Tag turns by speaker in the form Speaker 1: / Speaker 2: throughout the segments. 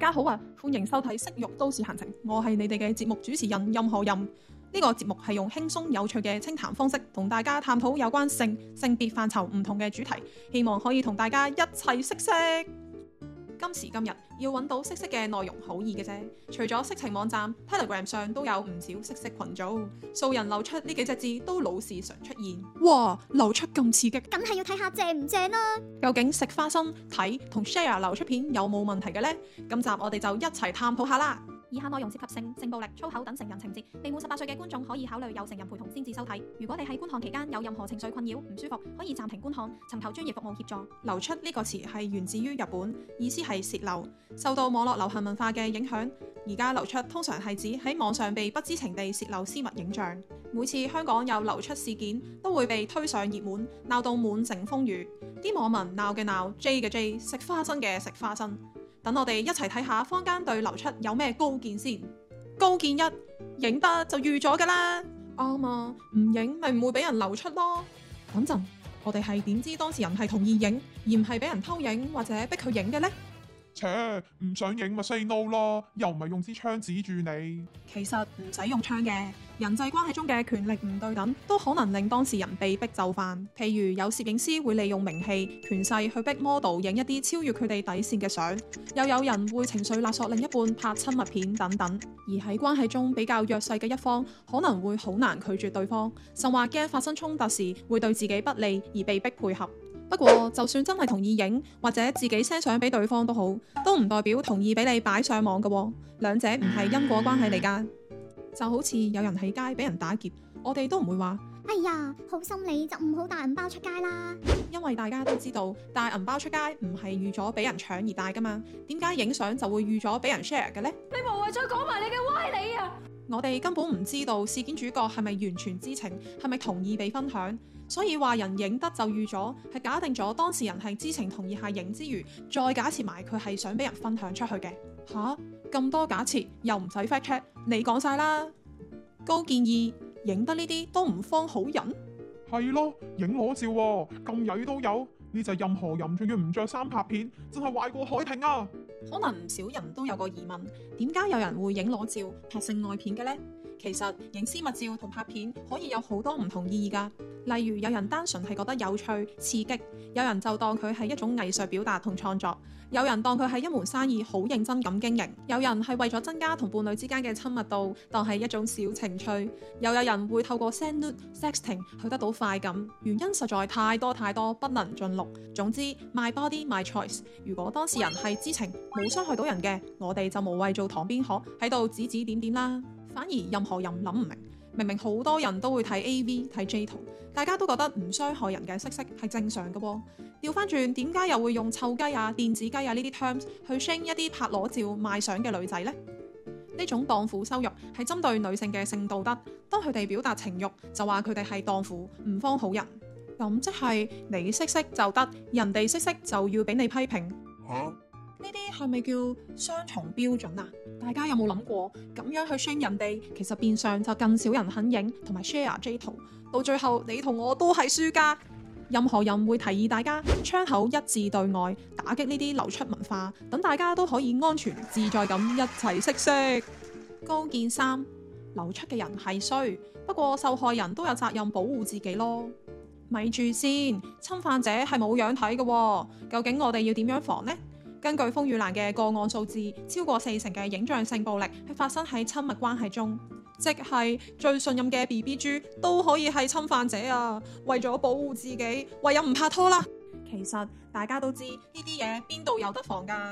Speaker 1: 大家好啊！歡迎收睇《色慾都市閒情》，我係你哋嘅節目主持人任何淫。呢個節目係用輕鬆有趣嘅清談方式，同大家探討有關性、性別範疇唔同嘅主題，希望可以同大家一齊識識。今時今日要揾到色色嘅內容好易嘅啫，除咗色情網站，Telegram 上都有唔少色色群組，素人流出呢幾隻字都老是常出現。哇，流出咁刺激，梗係要睇下正唔正啦，啊。究竟食花生睇同 share 流出片有冇問題嘅呢？今集我哋就一齊探討下啦。以下內容涉及性、性暴力、粗口等成人情節，未滿十八歲嘅觀眾可以考慮有成人陪同先至收睇。如果你喺觀看期間有任何情緒困擾、唔舒服，可以暫停觀看，尋求專業服務協助。流出呢個詞係源自於日本，意思係洩漏。受到網絡流行文化嘅影響，而家流出通常係指喺網上被不知情地洩漏私密影像。每次香港有流出事件，都會被推上熱門，鬧到滿城風雨。啲網民鬧嘅鬧，J 嘅 J，食花生嘅食花生。等我哋一齊睇下坊間對流出有咩高見先。高見一，影得就預咗㗎啦。啱啊、哦，唔影咪唔會俾人流出咯。等陣，我哋係點知當事人係同意影，而唔係俾人偷影或者逼佢影嘅呢？切，唔想影咪 say no 咯，又唔係用支槍指住你。其實唔使用槍嘅，人際關係中嘅權力唔對等，都可能令當事人被逼就範。譬如有攝影師會利用名氣、權勢去逼 model 影一啲超越佢哋底線嘅相，又有人會情緒勒索另一半拍親密片等等。而喺關係中比較弱勢嘅一方，可能會好難拒絕對方，甚至話驚發生衝突時會對自己不利而被逼配合。不過就算真係同意影或者自己 share 相俾對方都好，都唔代表同意俾你擺上網噶，兩者唔係因果關係嚟㗎。就好似有人喺街俾人打劫，我哋都唔會話：哎呀，好心你，就唔好帶銀包出街啦。因為大家都知道帶銀包出街唔係預咗俾人搶而帶噶嘛，點解影相就會預咗俾人 share 嘅呢？你無謂再講埋你嘅歪理啊！我哋根本唔知道事件主角係咪完全知情，係咪同意被分享，所以話人影得就預咗，係假定咗當事人係知情同意下影之餘，再假設埋佢係想俾人分享出去嘅。吓、啊、咁多假設，又唔使 fact check，你講晒啦。高見二，影得呢啲都唔慌好人。係咯，影裸照喎、哦，咁曳都有，呢隻任何淫仲要唔着衫拍片，真係壞過海婷啊！可能唔少人都有個疑問，點解有人會影裸照、拍性愛片嘅呢？其實，影私密照同拍片可以有好多唔同意義㗎。例如有人單純係覺得有趣刺激，有人就當佢係一種藝術表達同創作，有人當佢係一門生意，好認真咁經營，有人係為咗增加同伴侶之間嘅親密度，當係一種小情趣，又有人會透過 send sexting 去得到快感。原因實在太多太多，不能盡錄。總之，my body, my choice。如果當事人係知情冇傷害到人嘅，我哋就無謂做旁邊鶴喺度指指點點，點啦。反而任何人諗唔明，明明好多人都會睇 AV 睇 J 圖，大家都覺得唔傷害人嘅色色係正常嘅喎。調翻轉，點解又會用臭雞啊、電子雞啊呢啲 terms 去 shame 一啲拍裸照賣相嘅女仔呢？呢種蕩婦羞辱係針對女性嘅性道德。當佢哋表達情欲，就話佢哋係蕩婦唔慌好人。咁即係你色色就得，人哋色色就要俾你批評。呢啲係咪叫雙重標準啊？大家有冇諗過咁樣去 share 人哋？其實變相就更少人肯影同埋 share J 圖，到最後你同我都係輸家。任何淫會提議大家窗口一致對外，打擊呢啲流出文化，等大家都可以安全自在咁一齊識識。高見三，流出嘅人係衰，不過受害人都有責任保護自己咯。咪住先，侵犯者係冇樣睇嘅。究竟我哋要點樣防呢？根據風雨蘭嘅個案數字，超過四成嘅影像性暴力係發生喺親密關係中，即係最信任嘅 BB 豬都可以係侵犯者啊！為咗保護自己，唯有唔拍拖啦。其實大家都知呢啲嘢邊度有得防㗎，啊。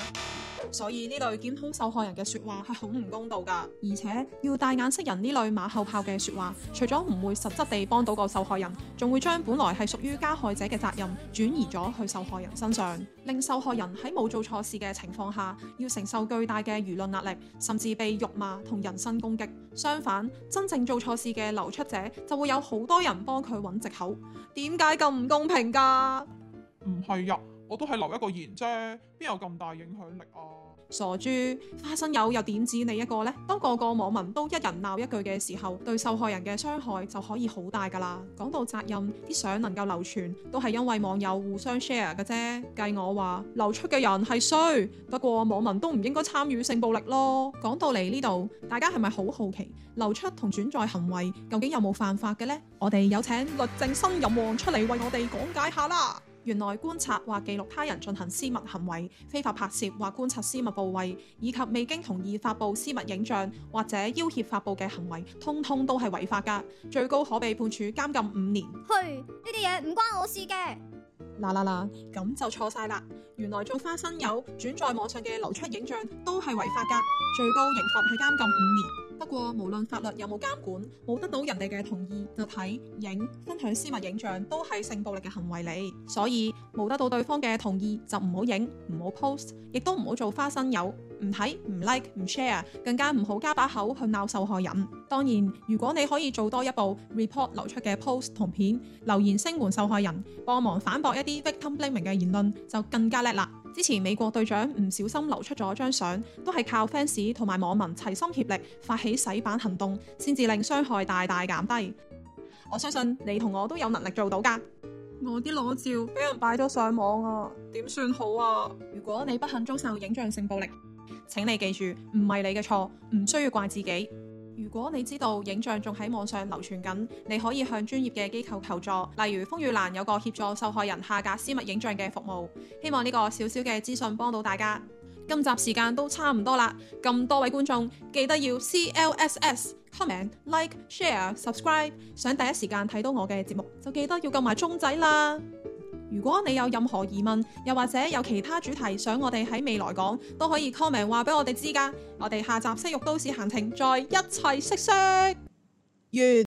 Speaker 1: 所以呢類檢討受害人嘅說話係好唔公道噶，而且要帶眼識人呢類馬後炮嘅說話，除咗唔會實質地幫到個受害人，仲會將本來係屬於加害者嘅責任轉移咗去受害人身上，令受害人喺冇做錯事嘅情況下，要承受巨大嘅輿論壓力，甚至被辱罵同人身攻擊。相反，真正做錯事嘅流出者就會有好多人幫佢搵藉口，點解咁唔公平噶？唔係呀。我都係留一個言啫，邊有咁大影響力啊？傻豬，花生友又點止你一個呢？當個個網民都一人鬧一句嘅時候，對受害人嘅傷害就可以好大㗎啦。講到責任，啲相能夠流傳，都係因為網友互相 share 嘅啫。計我話流出嘅人係衰，不過網民都唔應該參與性暴力咯。講到嚟呢度，大家係咪好好奇流出同轉載行為究竟有冇犯法嘅呢？我哋有請律政新人王出嚟為我哋講解下啦。原來觀察或記錄他人進行私密行為、非法拍攝或觀察私密部位，以及未經同意發布私密影像或者要挾發布嘅行為，通通都係違法噶，最高可被判處監禁五年。去呢啲嘢唔關我事嘅。嗱嗱嗱，咁就錯晒啦！原來做花生友轉載網上嘅流出影像都係違法噶，最高刑罰係監禁五年。不過，無論法律有冇監管，冇得到人哋嘅同意就睇、影、分享私密影像，都係性暴力嘅行為嚟。所以，冇得到對方嘅同意，就唔好影、唔好 post，亦都唔好做花生友。唔睇唔 like 唔 share，更加唔好加把口去鬧受害人。當然，如果你可以做多一步 report 流出嘅 post 同片，留言聲援受害人，幫忙反駁一啲 victim blaming 嘅言論，就更加叻啦。之前美國隊長唔小心流出咗張相，都係靠 fans 同埋網民齊心協力發起洗版行動，先至令傷害大大減低。我相信你同我都有能力做到㗎。我啲裸照俾人擺咗上網啊，點算好啊？如果你不幸遭受影像性暴力。請你記住，唔係你嘅錯，唔需要怪自己。如果你知道影像仲喺網上流傳緊，你可以向專業嘅機構求助，例如風雨蘭有個協助受害人下架私密影像嘅服務。希望呢個少少嘅資訊幫到大家。今集時間都差唔多啦，咁多位觀眾記得要 CLSS、Comment、Like、Share、Subscribe，想第一時間睇到我嘅節目，就記得要撳埋鐘仔啦。如果你有任何疑問，又或者有其他主題想我哋喺未來講，都可以 comment 話俾我哋知㗎。我哋下集《色慾都市閒情》再一齊識識。